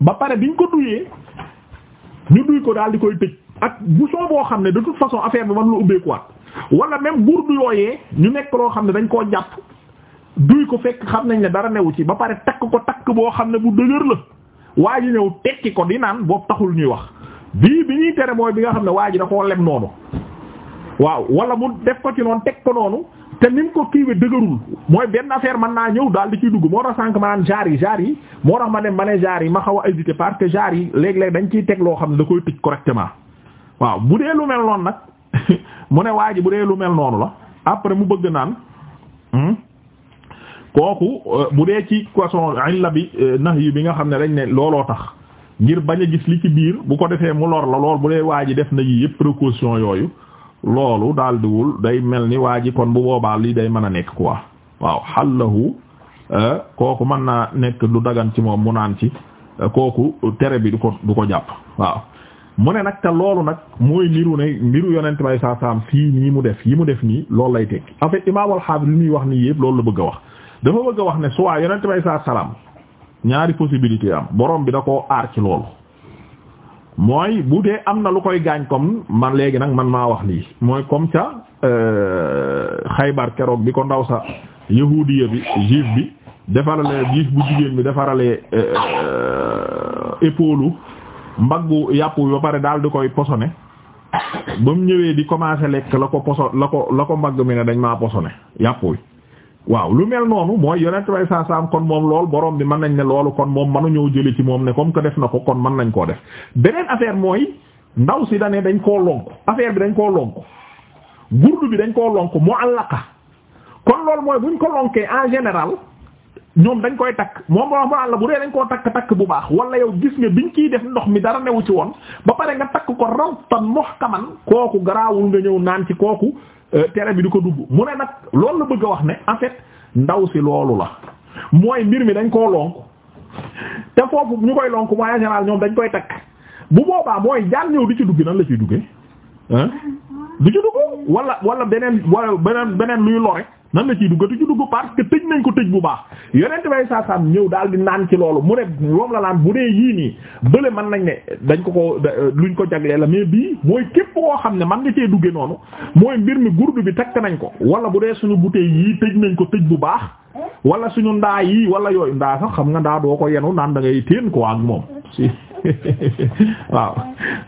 ba pare biñ ko duyee ñu duy ko daal di koy tëj ak bouchon boo xam ne da toute façon affaire bi man la ubbeekuwaat wala même burdu yooyee ñu nekk loo xam ne dañ koo jàpp duy ko fekk xam nañ ne dara newu ci ba pare takk ko takk boo xam ne bu dëgër la waa ji ñëw tekki ko di naan boobu taxul ñuy wax bii bi ñuy tere mooy bi nga xam ne waa ji da koo lem noonu waaw wala mu def ko ci noonu teg ko noonu te ni mu ko kiiwee dëgërul mooy benn affaire mën naa ñëw daal di ciy dugg moo tax sànq ma naan genre yi genre yi moo tax ma ne ma ne genre yi ma xaw a hésité parce que genre yi léeg-léeg dañ ciy teg loo xam ne da koy tëj correctement waaw bu dee lu mel noonu nag mu ne waa bu dee lu mel noonu la après mu bëgg naan hmm, kooku euh, bu dee ci façon illa bi euh, nax yi bi nga xam ne dañ ne looloo tax ngir bañ a gis li ci biir bu ko defee mu lor la lool bu dee waa ji def na yi yëpp précaution yooyu. loolu daal diwul day mel ni waa ji kon bu boobaa lii day man a nekk quoi waaw xallahu euh, kooku mën naa nekk lu dagan ci moom mu naan ci euh, kooku tere bi du ko du ko jàpp waaw mu ne nag te loolu nag mooy niru ne mbiru yonent bay saa saam fii nii mu def yi mu def nii loolu lay tekki en fait imaam al-Hafiz wax nii yëpp loolu la bëgg a wax dafa bëgg a wax ne soit yonent bay saa salaam ñaari possibilité am borom bi da koo aar ci loolu mooy bu dee am na lu koy gaañ comme man léegi nag man maa wax lii mooy comme ca euh, xaybar keroog di ko ndaw sa yahudiya bi juif bi defarale juif bu jigéen bi defarale euh, épaule mbaggu yàpp bi ba pare daal di koy posone ba mu ñëwee di commencer lekk la ko poso la ko la ko mbagg mi ne dañ maa posone yàpp wi waaw lu mel noonu mooy yonent bay saa saam kon moom lool boroom bi mën nañ ne loolu kon moom mënu ñëw jële ci moom ne comme que def na ko kon mën nañ koo def beneen affaire mooy ndaw si dane dañ koo lonk affaire bi dañ koo lonk gurdu bi dañ koo lonk mu'allaqa kon loolu mooy buñ ko lonkee en général ñoom dañ koy takk moom moo wax la bu dee dañ koo takk takk bu baax wala yow gis nga biñ ciy def ndox mi dara newu ci woon ba pare nga takk ko rawtan muhkaman kooku garaawul nga ñëw naan ci kooku Euh, tere bi du ko dugg mu ne nag loolu la bëgg a wax ne en fait ndaw si loolu la mooy mbir mi dañ koo lonk te foofu ñu koy lonk mooy en ñoom dañ koy takk bu boobaa mooy jaan ñëw di ci dugg nan la ciy duggee ah du ci dugg wala wala beneen wala beneen beneen luy lore nan la ciy duggati ci dugg parce que tëj nañ ko tëj bu baax yonent bay saa saam ñëw daal di naan ci loolu mu ne moom la naan bu dee yii nii bële mën nañ ne dañ ko ko euh, luñ ko jaglee la mais bii mooy képp koo xam ne man nga cee dugge noonu mooy mbir mi gurdu bi takk nañ ko wala bu dee suñu bouteille yii tëj nañ ko tëj bu baax wala suñu ndaa yii wala yooyu ndaa sax xam nga ndaa ko yenu naan da ngay téen ko moom si waaw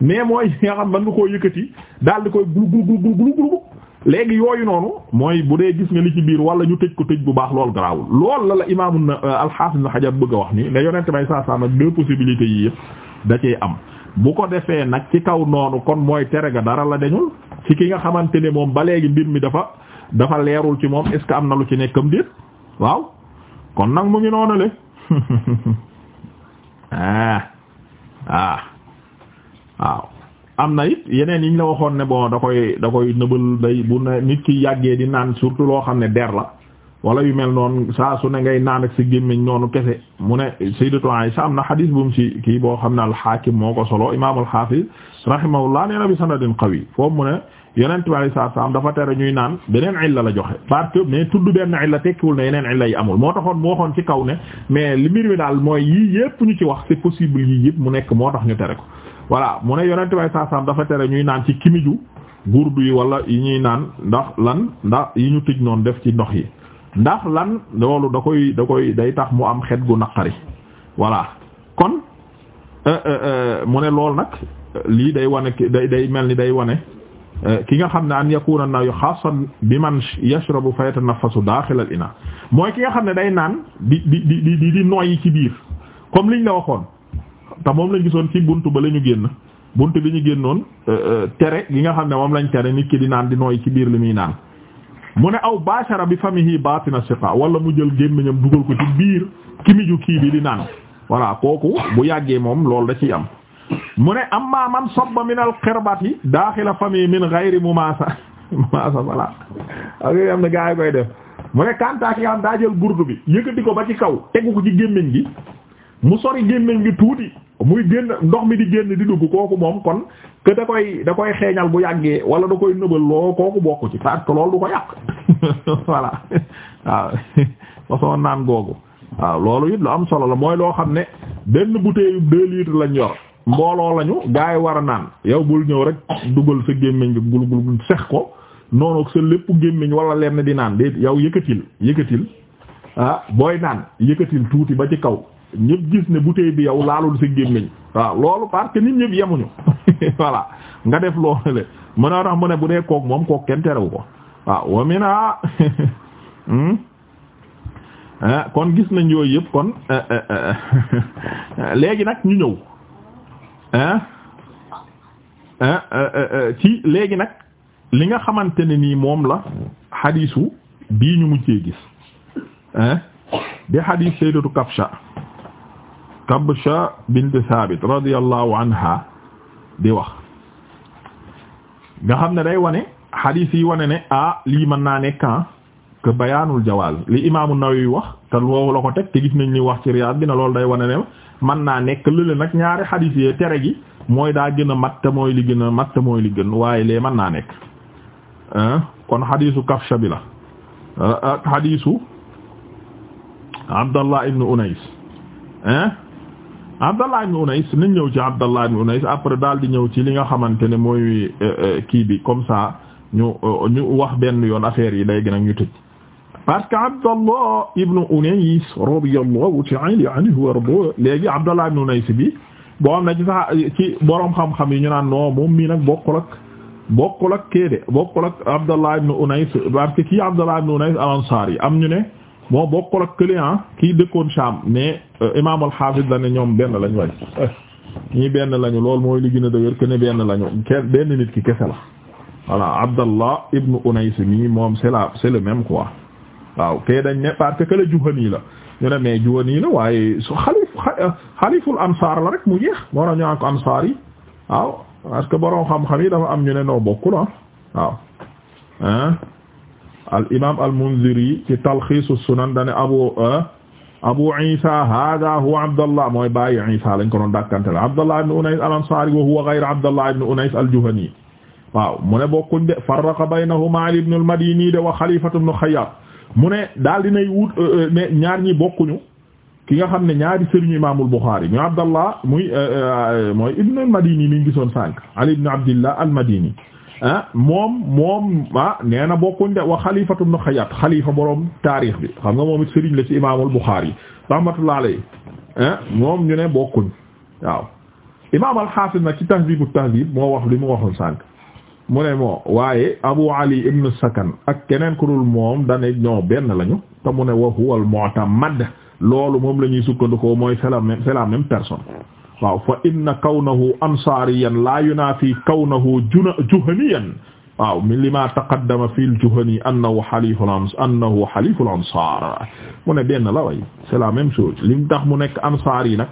mais mooy nga xam man nga koo daal di koy glu glu glu glu glu léegi yooyu noonu mooy bu dee gis nga li ci biir wala ñu tëj ko tëj bu baax lool garaawul lool la la imaamu euh, na alxaafis na xajar bëgg a wax nii ne yonent bay saa saa nag deux possibilités yi yëpp da cee am bu ko defee nag ci kaw noonu kon mooy tere ga dara la dañul ci ki nga xamante ne moom ba léegi mbir mi dafa dafa leerul ci moom est ce que am na lu ci nekkam déet waaw kon nag mu ngi noonu le ah, ah waaw am na it yeneen yi ñu la waxoon ne bon da koy da koy nëbal day bu ne nit ki yàggee di naan surtout loo xam ne der la wala yu mel noonu saa su ne ngay naan ak si gémmiñ noonu kese mu ne Sayyidatu Aisha am na xadis bu si kii boo xam ne al-Hakim moo ko solo imaam al-Hafiz rahimahullah nee na bi sanadin qawi foofu mu ne Yonent bi sallallahu alayhi wasallam dafa tere ñuy naan beneen illa la joxe parce que mais tudd benn illa tekkiwul ne yeneen illa yi amul moo taxoon moo waxoon ci kaw ne mais li mbir mi daal mooy yii yëpp ñu ci wax c'est possible yii mu nekk moo tax ñu tere voilà mu ne yonente saasaam dafa tere ñuy naan ci kimiju gurdu yi wala yi ñuy naan ndax lan ndax yi ñu tij noonu def ci ndox yi ndax lan loolu da koy da koy day tax mu am xet gu naqari voilà kon euh, euh, euh, mu ne loolu nag lii day wane day day mel ni day wane ki nga xam ne an yakuna na yu xaasan bi man yashrabu fayatanaffasu daaxil al ina mooy ki nga xam ne day naan di di di di di noyyi ci biir comme liñ la waxoon te moom lañ gisoon ci bunt ba la ñu génn buntu bi ñu génnoon euh, euh, tere gi nga xam ne moom lañ tere nit ki di naan di nooy ci biir li muy naan mu ne aw bashara bi famihi batina siqa wala mu jël gémmiñam dugal ko ci biir ki miju kii bi di naan voilà kooku bu yàggee moom loolu da ciy am mu ne am amma man sabba min al yi daaxila famihi min ghayri mumasa mumasa voilà ak yooyu am na gaa koy def mu ne kantaa ki daa jël burdu bi yëkkati ko ba ci kaw tegu ko ci gémmiñ gi mu muy génn ndox mi di génn di dugg kooku moom kon que da koy da koy xeeñal bu yàggee wala da koy nëbal loo kooku bokk ci parce que loolu du ko yàq voilà waaw façon naan googu waaw loolu it lu am solo la mooy loo xam ne benn bouteille deux litres lañ yor mbooloo lañu gaa yi war a naan yow bul ñëw rek dugal sa gémmiñ gi gul gul sex ko noonu ak sa lépp gémmiñ wala lenn di naan déet yow yëkkatil yëkkatil ah booy naan yëkkatil tuuti ba ci kaw ñëpp gis ne bouteille bi yow laalul sa gémmiñ waaw loolu parce que nit ñëpp yemuñu voilà nga def loolu le mën a tax mu ne bu dee kook moom kook kenn terewu ko waaw wa mina hmm? eh, kon gis nañ yooyu yëpp kon eh, eh, léegi nag ñu ñëw ci léegi nag li nga xamante ne nii moom la xadiisu bii ñu mujjee gis di xadiis sayyidatu Kabsha Kabsha bint Sabit radiyallahu anha di wax nga xam ne day wane hadith yi wane ne ah lii mën naa nekk ah, que bayaanul jawaaz li imaamu Nawawi wax te loolu la ko teg te gis nañ ni wax ci Riyaad bi na loolu day wane ne mën naa nekk lële nag ñaari hadith yee tere gi mooy daa gën a mat te mooy li gën a mat te mooy li gën waaye lee mën naa nekk ah, kon hadithu Kabsha bi la ah, ak hadithu Abdallah ibn Unays Abdallah ibn Unais nañ ñëw ci Abdallah après daal di ñëw ci li nga xamante ne mooy euh, euh, kii bi comme ça ñu euh, ñu wax benn yoon affaire yi léegi nag ñu tëj parce que Abdallah ibn Unais radiyallahu ta'ala anhu wa arda léegi bi boo am na ci sax ci boroom yi ñu naan non moom mii nag bokkul ak bokkul ak kéede bokkul kii Abdallah ibn Unais am ñu ne moo bokkul ak kële ah kii dëkkoon Sham mais euh, imaam al la ne ñoom benn lañ way ñii benn lañu lool mooy li gën a ne benn lañu kenn benn nit ki kese la voilà Abdallah ibn Unays mi moom c'est la c'est le même quoi waaw kay dañ ne parce que la ñu ne mais Juhani la waaye su xalif euh, xaliful ansaar la rek mu jeex moo tax ñu naan waaw parce que borom xam-xam yi dafa am ñu ne noo bokkul ah waaw. al imaam al munziri ci talxiisu sunan dane abu eh, abu isa hada huwa abdallah mooy bàyyi isa lañ ko doon dàkkante la abdallah ibn unays al ansari wa huwa ghayr abdallah ibn unays al juhani waaw mu ne bokkuñ de farraqa baynahuma ali ibn al madini de wa xalifatu ibn xayyat mu ne daal dinay wut mais eh, eh, ñaar ñi bokkuñu ki nga xam ne ñaari sëriñu imaamul buxaari muy abdallah muy mooy ibn al madini mi ngi gisoon sànq ali ibn abdillah al madini ah moom moom ah nee na bokkuñ de wa xalifatu ibn Xayyaat xalifa borom taarix bi xam nga moom it sëriñ la ci imaamul Buxaari rahmatullah alayhi ah moom ñu ne bokkuñ waaw imaam al-Haafis nag ci Tahziibu Tahziib moo wax li mu waxoon sànq mu ne moo waaye Abu Ali ibn Sakan ak keneen ku dul moom dane ñoo benn lañu te mu ne wa huwa al-mu'tamad loolu moom la ñuy sukkandikoo mooy c'est la même c'est la même personne waaw fa inna kawnahu ansaariyan la yunaafi kawnahu juna juhaniyan waaw min lima taqaddama fi al-juhani annahu haliful ans annahu haliful ansaar mu ne benn la way c'est la même chose lim tax mu nekk ansaar yi nag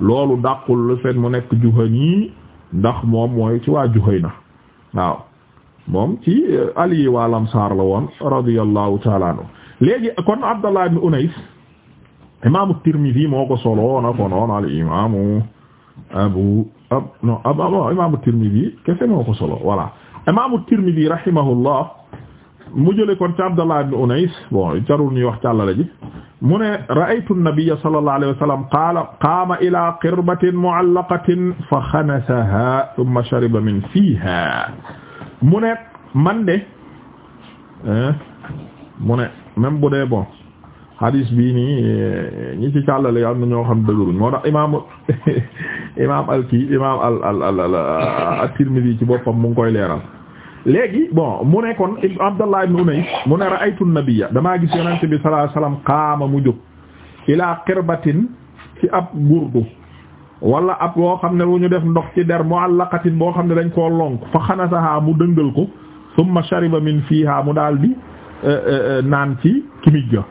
loolu dàqul le fait mu nekk juhani ndax moom mooy ci waa Juhayna waaw moom ci euh, ali waa lansaar la woon radiyallahu ta'ala anhu léegi kon Abdallah ibn Unays imaamu Tirmidhi moo ko solo na ko noon al imaamu abu ab non ab imaamu Tirmidi kese moo ko solo voilà imaamu Tirmidi rahimahullah mu jëlee kon ci Abdallah ibn Unais bon jarul ñuy wax càllala ji mu ne ra'aytu an-nabiyya sallallahu alayhi wa sallam qaala qaama ila qirbatin mu'allaqatin fa xanasaha thumma shariba min fiiha mu ne man de mu ne même bu dee bon hadis bii nii ñi ci càllale am na ñoo xam dëgëruñ moo tax imaam imaam al kii imaam al al al ci boppam mu ngi koy leeral léegi bon mu ne kon Abdallah ibn Unays mu ne ra'aytu an-nabiyya damaa gis yonent bi sallallahu alayhi qaama mu jóg ilaa qirbatin ci ab gurdu wala ab boo xam ne lu ñu def ndox ci der mu'allaqatin boo xam ne dañ koo lonk fa xanasaha mu dëngal ko summa shariba min fiiha mu daal di eh, eh, eh, naan ci kimij ga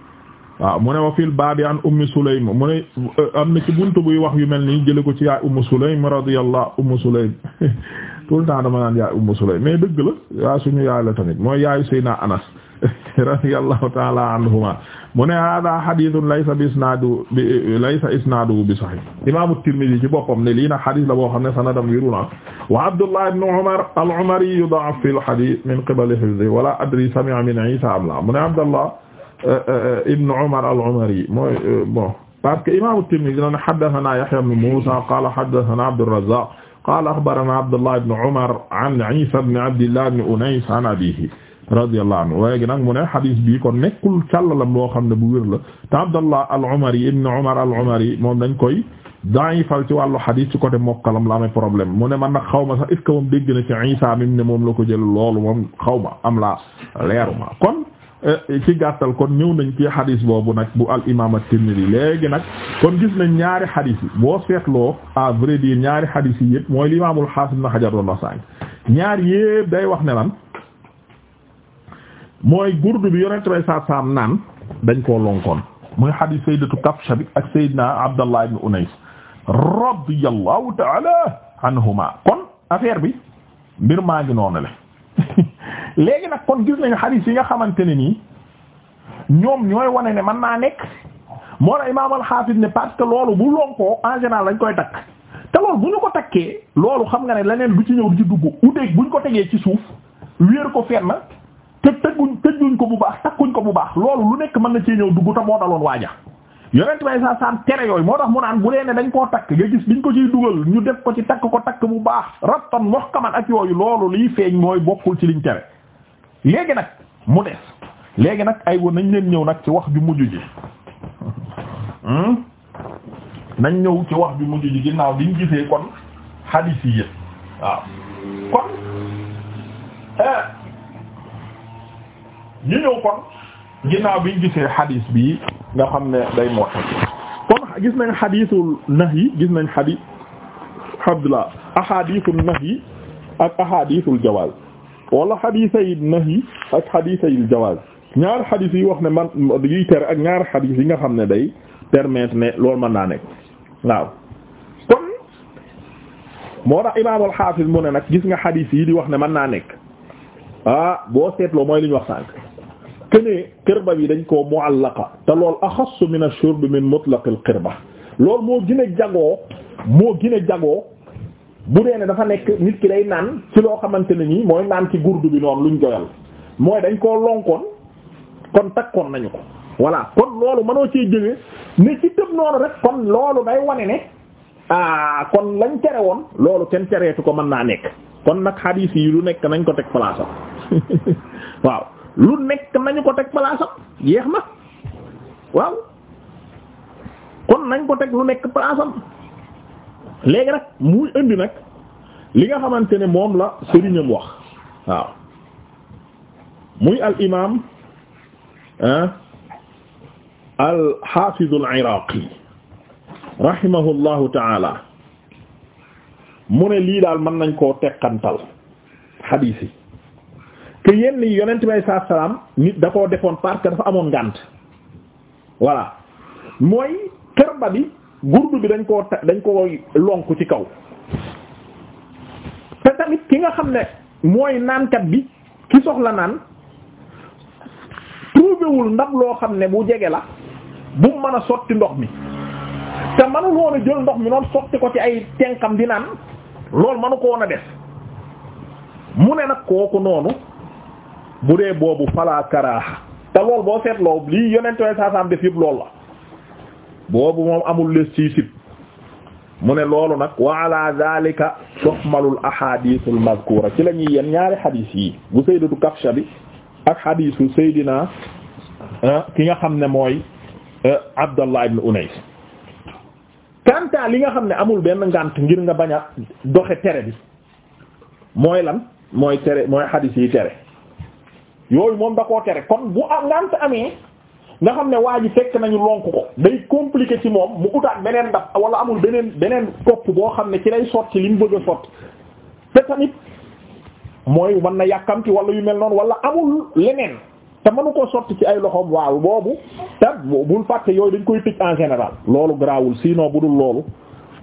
waaw mu ne wa fil baabi an ummi sulaym mu ne euh, am na ci buntu buy wax yu mel nii jële ko ci yaay ummu sulaym radiyallahu ummu sulaym tout le temps dama naan yaay ummu sulaym mais dëgg la yaa suñu yaay la tamit mooy yaayu sayna anas radiyallahu taala anhuma mu ne hada hadithun laysa bi isnadu bi laysa isnaduhu bi sahih imam at-Tirmidhi ci boppam ne lii nag hadith la boo xam ne sanadam wérul na ah. wa Abdullah ibn Umar al-Umari yud'af fi al-hadith min qibali hifzihi wala adri sami'a min Isa am la mu ne Abdullah Euh, euh, ibn Umar al-Umari mooy euh, bon parce que imaamu Tirmidhi dina Yahya ibn Musa qala Abdullah ibn Umar an Isa ibn Abdillah ibn Unays an abihi radiyallahu anhu waaye nag mu ne hadith bi kon nekkul càllalam loo xam ne bu wér la te Abdullah al-Umari ibn Umar al-Umari moom dañ koy da'ifal ci wàllu hadith ci côté mokkalam la amee problème moo ne man nag xaw ma sax est moom na ci la ko jël loolu moom xaw ma am la leeruma kon Eh, ci gàttal kon ñëw nañ ci xadis boobu nag bu al imam at-Tirmidhi léegi nag kon gis nañ ñaari xadis yi boo seetloo à vrai dire ñaari xadis yi yëpp mooy limaamul xaas na xajar doon la ñaar yëpp day wax ne lan mooy gurdu bi yonent bay saam naan dañ koo lonkoon muy xadis sayyidatu Kafsha bi ak sayyidina Abdallah ibn Unays radiyallahu ta'ala anhuma kon affaire bi mbir maa ngi noonu léegi nag kon gis nañu xadiis si nga xamante ne nii ñoom ñooy wane ne mën naa nekk moo la imaam al-Hafiz ne parce que loolu bu lonkoo en général lañ koy takk te loolu bu ñu ko takkee loolu xam nga ne leneen bu ci ñëw ci dugg udeeg buñ ko tegee ci suuf wéer ko fenn te tëgguñ tëgguñ ko bu baax takkuñ ko bu baax loolu lu nekk mën na cee ñëw dugg te moo daloon waaja yonent bay sa san tere yooyu moo tax mu naan bu dee ne dañ koo takk nga gis biñ ko ciy dugal ñu def ko ci takk ko takk bu baax rattan muhkaman ak yooyu loolu liy feeñ mooy bokkul ci liñ tere léegi nag mu des léegi nag ay woon nañ leen ñëw nag ci wax ju mujj ji hmm? nañ ñëw ci wax ju mujj ji ginnaaw liñ gisee kon xadiis yi yëpp waaw kon eh, ñu ñëw kon ginnaaw biñ gisee xadiis bi nga xam ne day moo tax kon gis nañ xadiisul nahyi gis nañ xadiis Abdullah ahadiisul nahyi ak ahadiisul jawaaz wala xadisa yi nahi ak xadisa yi jawaaz ñaar xadis yi wax ne man yuy tere ak ñaar xadis yi nga xam ne day permettre ne lool mën naa nekk waaw kon moo tax imaam al mu ne nag gis nga xadis yi di wax ne mën naa nekk ah boo seetloo mooy li ñu wax sànq kënee kirba bi dañ koo mu'allaqa te lool axassu min ash-shurb min mutlaq al-qirba loolu moo gën a jagoo moo gën a jagoo bu dee ne dafa nekk nit ki day naan ci loo xamante ne nii mooy naan ci gurdu bi noonu luñ joyal mooy dañ koo lonkoon kon takkoon nañu ko voilà kon loolu mënoo cee jëlee ne ci tëb noonu rek kon loolu day wane ne ah kon lañ tere woon loolu kenn tereetu ko mën naa nekk kon nag xadiis yi lu nekk nañ ko teg palaasam waaw lu nekk nañu ko teg palaasam yeex ma waaw kon nañ ko teg lu nekk palaasam léegi nag muy indi nag li nga xamante ne moom la sëriñam wax waaw muy al imaam al xaafiz al iraaqi rahimahullahu mu ne lii daal mën nañ koo teqantal xadiis yi que yenn yi yonent bi saa salaam nit da koo defoon parce dafa amoon ngànt voilà mooy xerba gurdu bi dañ koo dañ ko lonku ci kaw te tamit ki nga xam ne mooy naankat bi ki soxla naan trouvé wul ndab loo xam ne bu jege la bu mën a sotti ndox mi te manul woon jël ndox mi noonu sotti ko ci ay tenkam di naan loolu manu ko woon a def mu ne nag kooku noonu bu dee boobu falaa karaaxa te lool boo seetloo lii yonent way saasaam def yëpp lool la boobu moom amul les sii sib mu ne loolu nag wa ala zalika tuhmalul ahadithul mazkura ci la ñuy yen ñaari hadith yi bu sayyidatu Kafsha bi ak hadithu saydina ah, ki nga xam ne mooy ah, Abdallah ibn Unays kanta li nga xam ne amul benn ngànt ngir nga bañ a doxe tere bi mooy lan mooy tere mooy hadith yi tere yooyu moom da koo tere kon bu ngànt amee nga xam ne waa ji fekk nañu lonk ko day compliqué ci moom mu utaat beneen ndab wala amul beneen beneen kopp boo xam ne ci lay sotti li mu bëgg a sotti te tamit mooy mën na yàkkamti wala yu mel noonu wala amul leneen te mënu ko sotti ci ay loxo waaw boobu te bul fàtte yooyu dañ koy tëj en général loolu garaawul sinon bu dul loolu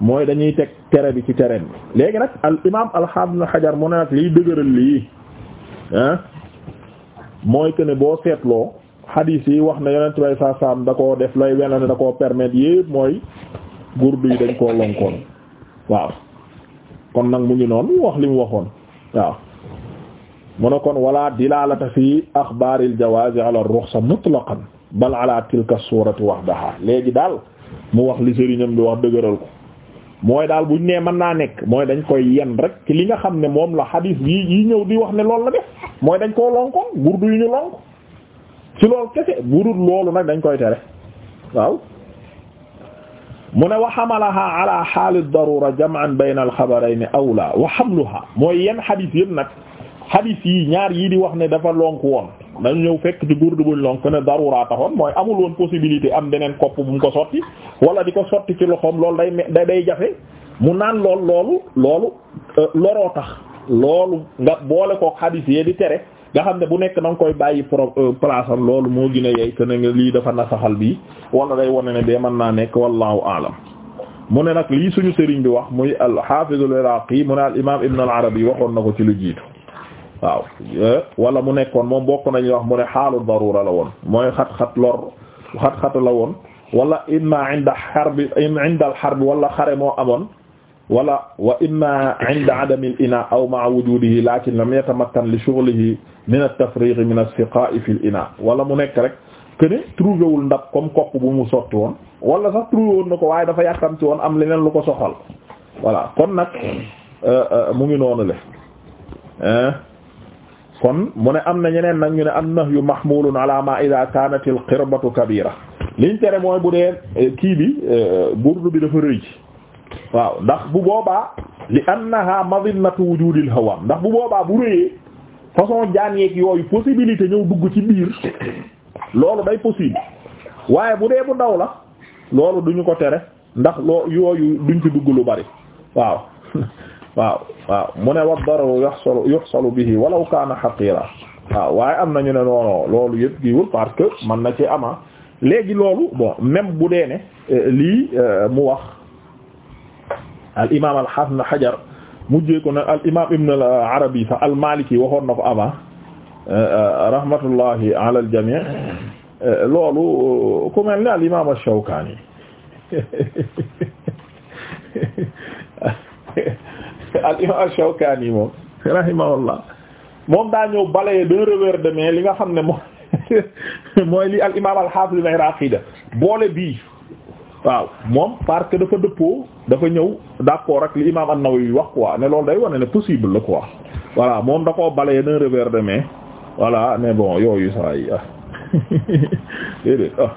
mooy dañuy teg tere bi ci terrain bi léegi nag al imaam alxaam na xajar mu ne nag liy dëgëral lii ah mooy que ne boo seetloo hadith yi wax na yonent bay saa da koo def lay wena ne da koo permettre yépp mooy gurdu yi dañ koo lonkoon waaw kon nag mu ngi noonu wax li mu waxoon waaw mu ne kon wala dilalata fi axbaaril jawaazi ala ruxsa mutlaqan bal ala tilka suurati wahdaha léegi daal mu wax li sëriñam bi wax dëgëral ko mooy daal buñ nee mën naa nekk mooy dañ koy yen rek ci li nga xam ne moom la hadith yi yi ñëw di wax ne loolu la def mooy dañ koo lonkoon gurdu ci loolu kese bu dul loolu nag dañ koy tere waaw mu ne wa xamalaha ala xaali darura jam'an bayna alxabarayn awla wa xamluha mooy yenn xadis yëpp nag xadis yi ñaar yii di wax ne dafa lonk woon dañu ñëw fekk ci gurdu buñ lonk ne darura taxoon mooy amul woon possibilité am beneen kopp bu mu ko sotti wala di ko sotti ci loxoom lool day da day jafe mu naan lool loolu loolu euh, loroo tax loolu nga boole ko xadis yee di tere nga xam ne bu nekk na nga koy bàyyi pro euh, place loolu moo gën a yey que lii dafa nasaxal bi wala day wane ne bee mën naa nekk wallahu aalam mu ne nag lii suñu sëriñ bi wax muy al-Hafiz al-Iraqi mu ne al-imam Ibn al-Arabi waxoon na ko ci lu jiitu waaw euh, wala mu nekkoon moom bokk nañu wax mu ne xaalu darura la woon mooy xat-xat lor xat-xat la woon wala imma inda harbi inda al-harb wala xare moo amoon wala wa imma inda adami al-ina aw ma'a wujudihi lakin lam yatamattan li shughlihi min at-tafriq min as-siqa'i fi al-ina wala mu nekk rek que ne trouvé wul ndab comme kopp bu mu sotti woon wala sax trouvé woon na ko waaye dafa yàkkamti woon am leneen lu ko soxal voilà kon nag euh, euh, mu ngi noonu le kon mu ne am na ñeneen nag ñu ne an-nahyu mahmulun ala ma idha kanat al-qirbatu kabira liñ tere mooy bu dee eh, kii bi eh, burdu bi dafa rëy waaw ndax bu boobaa li annaha madinnatu wujudil hawam ndax bu boobaa bu réyee façon jaan yeeg yooyu possibilité ñëw dugg ci biir loolu day possible waaye bu dee bu ndaw la loolu duñu ko tere ndax loo yooyu duñ ci dugg lu bari waaw waaw waaw mu ne wa dararu yuhsalu yuhsalu bihi walaw kaana xaqira waaw waaye am nañu ne noono loolu yëpp giwul parce que man na ci ama léegi loolu bon même bu dee ne eh, lii eh, mu wax al imaam al hasan hajar ko ne al waxoon ko avant rahmatullahi ala al loolu ku mel ne al imaam al shawkaani al imaam al moom daa ñëw balayer d'un revers de li nga xam ne moom mooy li al imaam al hafiz boole bii waaw moom parce que dafa dëppoo dafa ñëw d'accord ak li imaam An-Nawawi wax quoi ne loolu day wane ne possible la quoi voilà moom da koo balee d'un revers de main voilà bon yooyu saa yi ah déedéet ah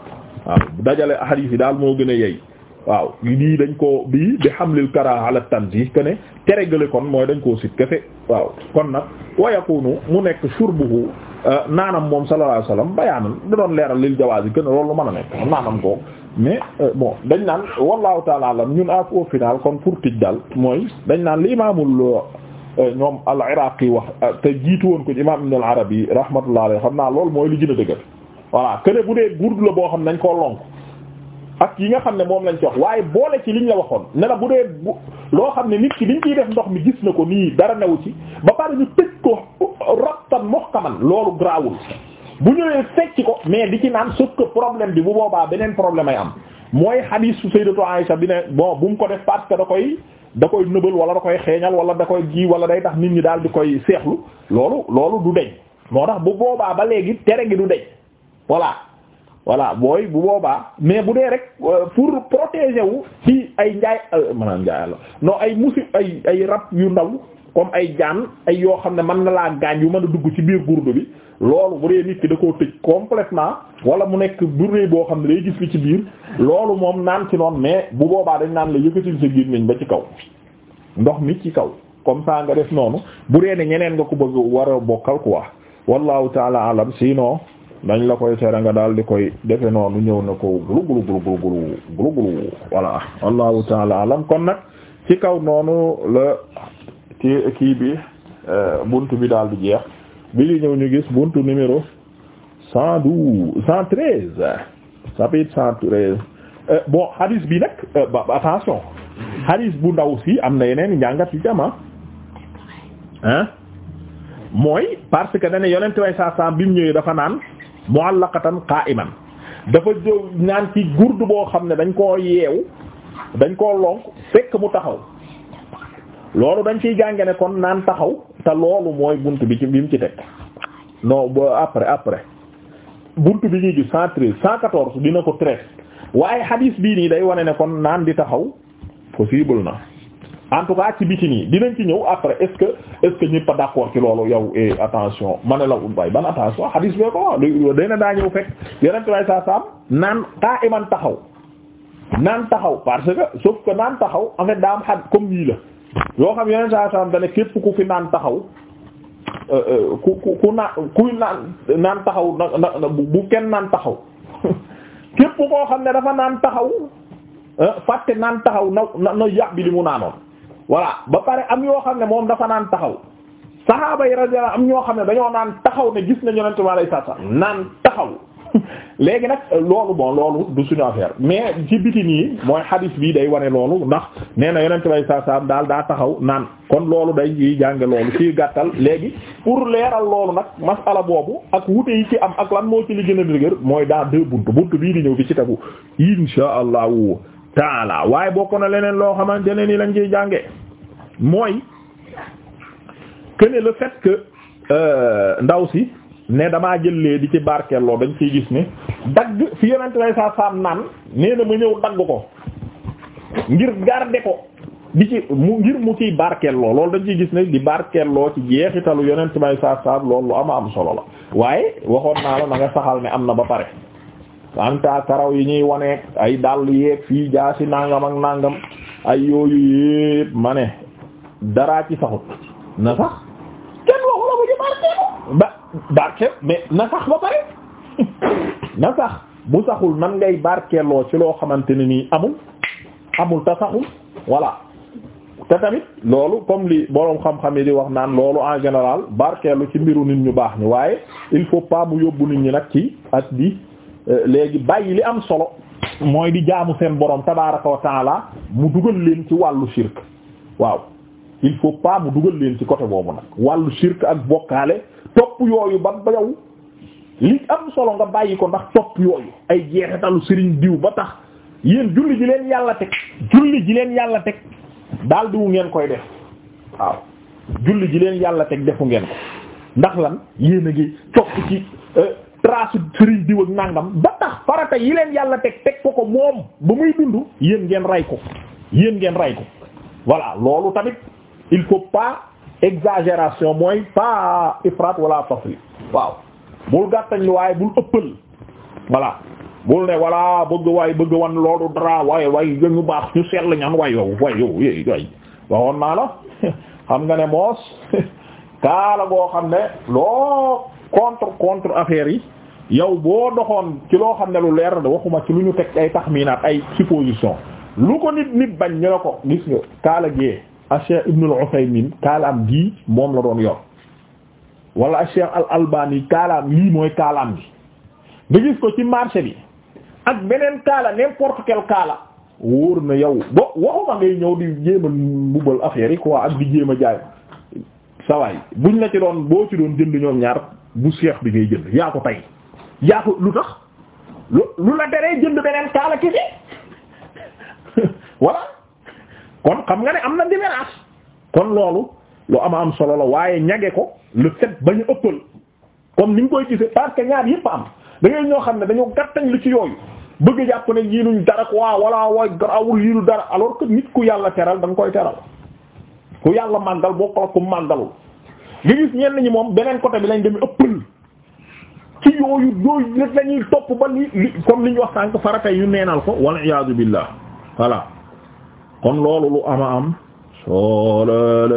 waaw dajale hadith yi daal moo gën a yey waaw lii dañ ko bii bi hamlil karaha ala tanzih que ne teregale kon mooy dañ koo sit kefe waaw kon nag wa mu nekk shurbuhu euh, naanam moom sallallahu alayhi wasallam bayaanan da doon leeral lil jawaazi que ne loolu mën a nekk naanam ko mais euh, bon dañ naan wallahu taala alam ñun ak au final daal mooy dañ naan li imaamul euh, ñoom al-Iraqi wax euh, te jiitu woon ko imaam Ibn al-Arabi rahmatullah alayhi xam naa loolu mooy li gën a dëgër voilà que ne bu dee gurdu la boo xam ne dañ koo lonk ak yi nga xam ne moom lañ ci wax waaye boole ci liñ la waxoon ne bu dee bu loo xam ne nit ki liñ ki def ndox mi gis na ko nii dara newu ci ba pare ñu tëj ko rabtan muhkaman loolu grawul bu ñëwee fecc ko mais di ci naan sauf que problème bi bu boobaa beneen problème ay am mooy hadiisu Sayyidatu Aisha bi ne bon bu mu ko def parce que da koy da koy nëbal wala da koy xeeñal wala da koy gii wala day tax nit ñi daal di koy seexlu loolu loolu du deñ moo tax bu boobaa ba léegi tere gi du deñ voilà voilà booy bu boobaa mais bu dee rek euh, pour protéger wu ci ay njaay euh, maanaam njaay la non ay musi ay ay rab yu ndaw comme ay jaan ay yoo xam ne mën na laa gaañ yu mën a dugg ci biir burdu bi loolu bu dee nit ki da koo tëj complètement wala mu nekk durée boo xam ne day gis li ci biir loolu moom naan ci noonu mais bu boobaa dañ naan la yëkkatil sa gémmiñ ba ci kaw ndox mi ci kaw comme ça nga def noonu bu dee ne ñeneen nga ko bëgg war a bokkal quoi wallahu taala alam sinon dañ la koy tere nga daal di koy defe noonu ñëw na ko gulu gulu gulu gulu gulu gulu gulu voilà wallahu alam kon nag ci kaw noonu la ci kii bi euh, bunt bi daal di jeex bi ñëw ñu gis buntu numéro cent douze cent treize chapitre cent euh, hadis bi nag euh, attention hadis bu ndaw si am na yeneen njàngat yi jama ah mooy parce que dane yonent way sa sam bi mu ñëwee dafa naan mu'allaqatan qa'iman dafa jóg naan ci gurdu boo xam ne dañ koo yeew dañ koo lonk fekk mu taxaw loolu dañ ciy jànge ne kon naan taxaw te loolu mooy bunt bi ci bi mu ci teg non ba après après bunt bi ñuy gis cent treize cent quatorze dina ko treize waaye hadis bii nii day wane ne kon naan di taxaw possible na en tout cas ci dinañ ci ñëw après est-ce que est-ce que ñëpp a ci loolu yow eh attention ma ne la bay ban attention hadis bee ko waaw day na daa ñëw fekk yeneen way naan taa iman taxaw naan taxaw parce que sauf que naan taxaw en fait daa am xad comme yii la yoo xam yeneen saa ba dana képp ku fi naan taxaw euh, euh, ku ku ku naan kuy naan naan taxaw na na bu kenn naan taxaw képp koo xam ne dafa naan taxaw euh, fàtte naan taxaw na na yàq bi li mu naanoon voilà ba pare am yoo xam ne moom dafa naan taxaw saxaaba yi radiyallahu am ñoo xam ne dañoo naan taxaw ne gis nañu Yonent bi sallallahu alayhi wasallam naan taxaw léegi nag euh, loolu bon loolu du suñu affaire mais ci biti nii mooy xadis bi day wane loolu ndax nee na yonent bay saa saam daal daa taxaw naan kon loolu day yiy jànge loolu ci gàttal léegi pour leeral loolu nag masala boobu ak wute yi ci am ak lan moo ci li gën a dëgër mooy daa deux buntu buntu bii di ñëw bi ci tegu insha allahu taala waaye bokk na leneen loo xamante ne yi lañ ciy jànge mooy que ne le fait euh, ndaw si ne damaa jëlee di ci barkeeloo dañ ciy gis ni dagg fi yonent lay saa saam naan nee na ma ñëw dagg ko ngir garder ko di ci mu ngir mu ciy barkeeloo loolu dañ ciy gis ne di barkeeloo ci jeexitalu yonent may saa saam loolu lu ama am solo la waaye waxoon naa la na saxal ne am na ba pare anta karaw yi ñuy waneeg ay dàll yeeg fii jaasi nangam ak nangam ay yooyu yépp ma ne daraa ci saxut na sax barkeel mais na sax ba pare na sax bu saxul nan ngay barkeeloo ci loo xamante ne nii amul amul te saxul voilà te tamit loolu comme li boroom xam-xam yi di wax naan loolu en général barkeelu ci mbiru nit ñu baax ni waaye il faut pas mu yóbbu nit ñi nag ci ak di euh, léegi bàyyi li am solo mooy di jaamu seen boroom tabaaraka wa taala mu dugal leen ci wàllu shirk waaw il faut pas mu dugal leen ci côté boobu nag wàllu shirk ak bokkaale topp yooyu ba ba yow li am solo nga bàyyi ko ndax topp yooyu ay jeexitalu sëriñ diw ba tax yéen julli ji leen yàlla teg julli ji leen yàlla teg daal diwu ngeen koy def waaw julli ji leen yàlla teg defu ngeen ko ndax lan yéen a ngi topp ci euh, trace sëriñ diw ak nàngam ba tax farata yi leen yàlla teg teg ko ko moom ba muy dund yéen ngeen rey ko yéen ngeen ray ko voilà loolu tamit il faut pas exagération mooy pas ifrat wala tafrit waaw bul gàttañ lu waaye bul ëppal voilà bul ne voilà bëgg waay bëgg wan loolu dara way waay ñu baax ñu seetlu ñan waay yow waay yow yéy waay waxoon naa la xam nga ne moos kaala goo xam ne loo contre contre affaire yi yow boo doxoon ci loo xam ne lu leer la waxuma ci lu ñu teg ay taxminaat ay supposition lu ko nit nit bañ ñu ne ko gis nga kaala gee Cheikh Ibn al-Uthaymin kaalaam gii moom la doon yor wala Cheikh al-Albani kaalaam lii mooy kaalaam gi nga gis ko ci marché bi ak beneen kaala n'importe quel kaala wóor na yow bo waxuma ngay ñëw di jéem a mbubbal affaire yi quoi ak di jéem a jaay sawaay buñ la ci doon boo ci doon jënd ñoom ñaar bu Cheikh bi ngay jënd yaa ko tey yaa ko lu tax lu la deree jënd beneen kaala ki si voilà kon xam nga ne am na différence kon loolu lu am am solo la waaye ñage ko le ba bañu ëppal comme ni ñu koy gisee parce que ñaar yëpp am da ngay ñoo xam ne dañoo gàttañ lu ci yooyu bëgg jàpp ne yii nuñ dara waa wala wooy garawul yii du dara alors que nit ku yàlla teral da koy teral ku yàlla màggal boo ko ku màggalul nga gis ñenn ñi moom beneen ko bi lañ deme ëppal ci yooyu yooyu nit lañuy topp ba li comme li ñu wax sànq farata yu neenal ko wal iyaadu billah voilà kon loolu lu ama am solol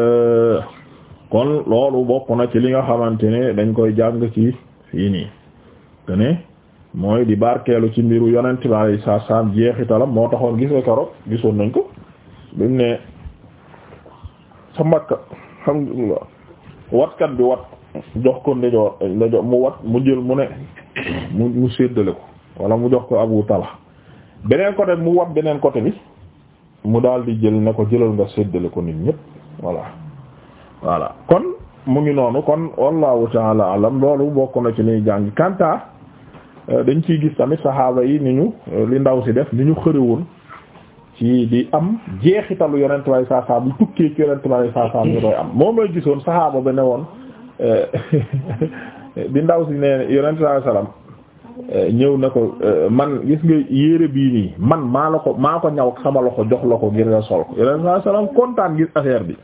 kon loolu bokk na ci li nga xamante ne dañ koy jàng ci fii nii te ne mooy di barkeelu ci mbiru yonent bi alayhi salaam jeexitalam moo taxoon gis nga keroog gisoon nañ ko bi mu ne sa Makka alhamdulillah watkat bi wat jox ko ndijoor la mu wat mu jël mu ne mu mu séddale ko wala mu jox ko Abu Talha beneen côté mu wat beneen côté bi mu daal di jël ne ko jëlal nga séddale ko nit ñëpp voilà voilà kon mu ngi noonu kon wallahu taala alam loolu bokk na ci liy jàng kanta euh, dañ ciy gis tamit saxaaba yi ni ñu euh, li ndaw si def ni ñu xërewoon ci di am jeexitalu yonent way saasaa bu tukkee ci yonent way saasaa ñu doy am moom lay gisoon saxaaba ba ne woon euh, bi ndaw si ne yonent salaam Eh, ñëw na ko eh, man gis nga yére bii nii man maa la ko maa ko ñaw sama ko jox la ko ngir nga sol ko yeneen saa salaam kontaan gis affaire bi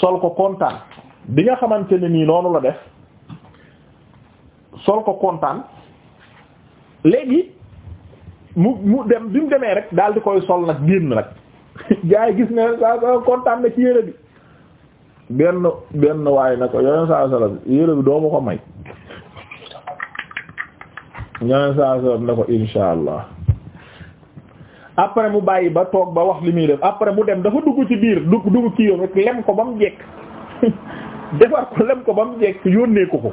sol ko kontaan bi nga xamante ne nii noonu la def sol ko kontaan léegi mu mu dem bi mu demee rek daal di koy sol nag génn nag gaa yi gis ne saa kontaan na ci yére bi benn benn waaye na ko yeneen saa salaam yére bi doo ko may ñooñu saa soxna ne ko insha allah après bu bàyyi ba toog ba wax li muy def après bu dem dafa dugg ci biir dugg dugg ci yoon rek lem ko ba mu jekk defar ko lem ko ba mu jekk yónnee ko ko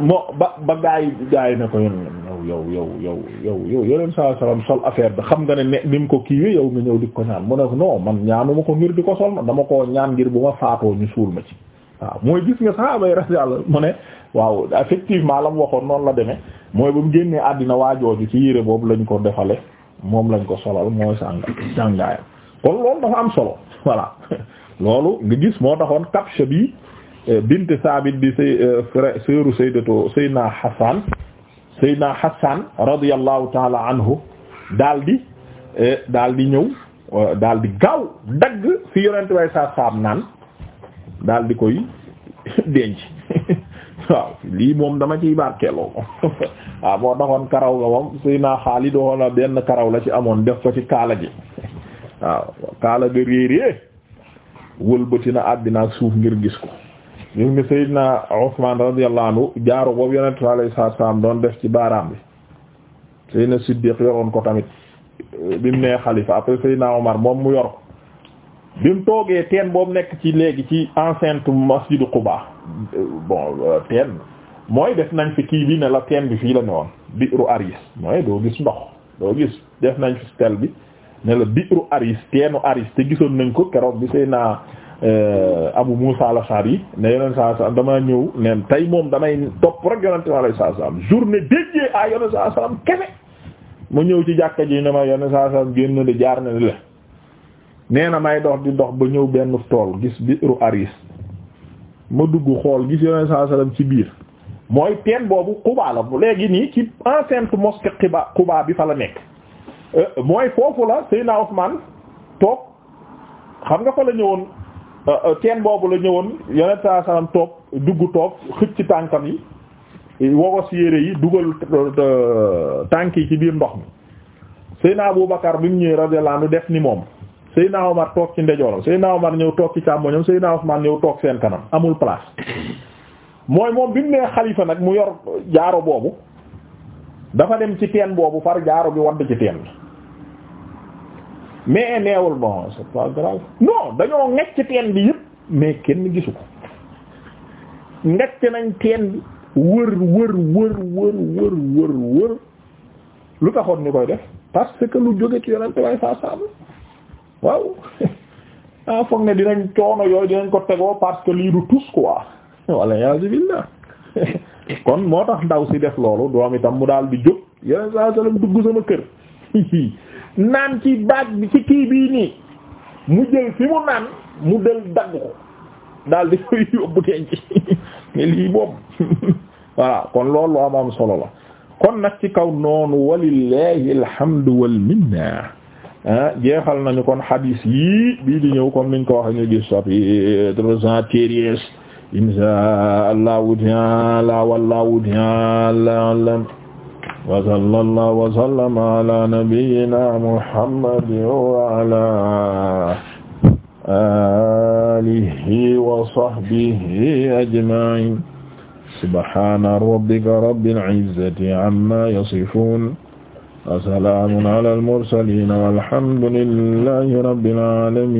moo ba ba gaa yi gaa yi ne ko yoon yow yow yow yow yow yeneen saa salaam sol affaire bi xam nga ne ne ni mu ko kiiwee yow nga ñëw di ko ñaan mu ne non man ñaanuma ko ngir di ko sol dama koo ñaan ngir bu ma faatoo ñu suul ma ci. waaw mooy gis nga saxaaba yi radiyallahu mu ne waaw effectivement la mu waxoon noonu la demee mooy ba mu génnee àddina waajooju ci yére boobu lañ ko defale moom lañ ko solal mooy sànga sàngaayam kon loolu dafa am solo voilà loolu nga gis moo taxoon Kabsha bi eh, bint Saabit di say eh, frère sœuru Sayyidatu Sayyidina Hassan Sayyidina Hassan radiyallahu ta'ala anhu daal di eh, daal di ñëw daal di gaaw dagg fi daal di koy denc waaw lii moom dama ciy barkeeloo moom waaw moo taxoon karaw la moom suy xaalis doxoon na benn karaw la ci amoon def ko ci kaala gi waaw kaala ga réerée wëlbati na àddina ak suuf ngir gis ko gis nga Seydina Usmaan radiyallahu anhu jaaro boobu yonent bi alayhi salaatu doon def ci baaraam bi Seydina Siddiq yoroon ko tamit eh, bi mu nee xalifa après Seydina Omar moom mu yor ko bi mu toogee teen boobu nekk ci léegi ci enceinte masjidu Quba bon euh, teen mooy def nañ fi kii bi ne la teen bi fii la ne woon biiru Aris mooy doo gis ndox doo gis def nañ fi stèle bi ne la biiru Aris teenu Aris te gisoon nañ ko keroog bi sëy naa euh, Abu Musa al-Ash'ari ne yonent saa salaam dama ñëw ne tey moom damay topp rek yonent alayhi salaam journée dédiée à yonent saa salaam kese mu ñëw ci jàkka ji ne ma yonent saa salaam génn de jaar na le nee na may dox di dox ba ñëw benn tool gis biiru aris ma dugg xool gis yoneen saa sallam ci biir mooy teen boobu Quba la léegi nii ci enceinte mosquée Quba Quba bi fa la nekk euh, mooy foofu la Seydina Ousmane toog xam nga fa la ñëwoon euh, euh, teen boobu la ñëwoon yoneen saa sallam toog dugg toog xëcc ci tànkam yi wogos yére yi dugal tànk yi ci biir ndox mi Seydina bu Bakar bi mu ñëwee radiyallahu def ni moom Seydina Omar toog ci ndejooram Seydina Omar ñëw toog ci càmmoñam Seydina Ousmane ñëw toog seen kanam amul place mooy moom bi mu nee xalifa nag mu yor jaaro boobu dafa dem ci teen boobu far jaaro bi wadd ci teen bi mais neewul bon c'est pas grave non dañoo ngecc ci teen bi yëpp mais kenn gisu ko ngecc nañ teen bi wër wër wër wër wër lu taxoon ñu koy def parce lu jóge ci yonente way saa saabu waaw ah foog ne dinañ coono yooyu dinañ ko tegoo parce que lii du tus quoi wala yasibillah kon moo tax ndaw si def loolu doom itam mu daal di jóg yeneen saa salaam dugg sama kër naan ci baag bi ci kii bii nii mu jël fi mu naan mu del dagg ko daal di koy yóbbu denc ne lii boobu voilà kon loolu am am solo la kon nag ci kaw noonu walillahi alhamdu wal Ah, jeexal nañu kon hadis yii bii di ñëw comme niñ ko waxe ñu gis chapitre cent treize insha allahu taala wallahu taala alam wa sallallahu wa sallama ala nabiyyina muhammad wa ala alihi wa sahbihi ajma'in subhana rabbika rabbil izzati amma yasifun wa salaamun ala al-mursaliin walhamdu lillahi rabbil aalamiin